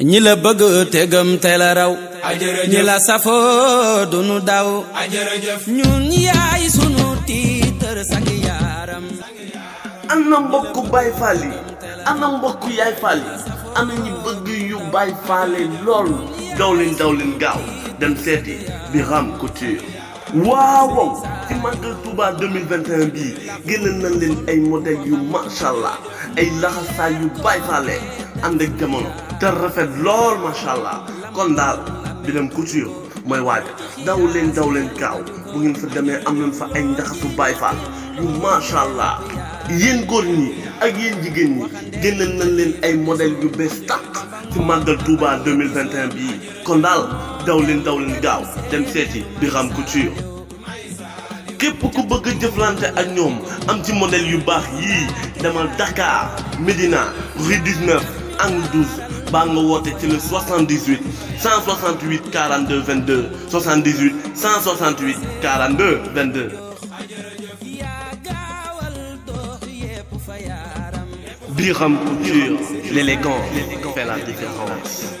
ñi la bëgg te gëm te la raw ñi la safoo dunu daw ñun yaay sunu tiitër sag yaaram ana mbokku Baay Faal yi ana ñi bëgg yu Baay Faale lool daw leen gaaw dem seeti Biram Couture waaw waaw ci màggal Touba 2021 bii génn nañ leen ay modèle yu macha ay laxasaay yu Baay Faale ànd ak jamono te rafet lool macha allah kon daal Birame Couture mooy waaja daw leen daw leen kaaw bu ngeen fa demee am nañ fa ay njaxasu Baay Faal yu macha allah yéen góor ñi ak yéen jigéen ñi génnal nañ leen ay modèle yu bees tàq ci màggal Touba 2021 bii kon daal daw leen daw leen gaaw dem seeti Birame Couture képp ku bëgg a jëflante ak ñoom am ci modèle yu baax yii demal Dakar Médina rue 19 angle 12 Bango le 78 168 42 22 78 168 42 22. Biram Couture, l'élégant fait la différence.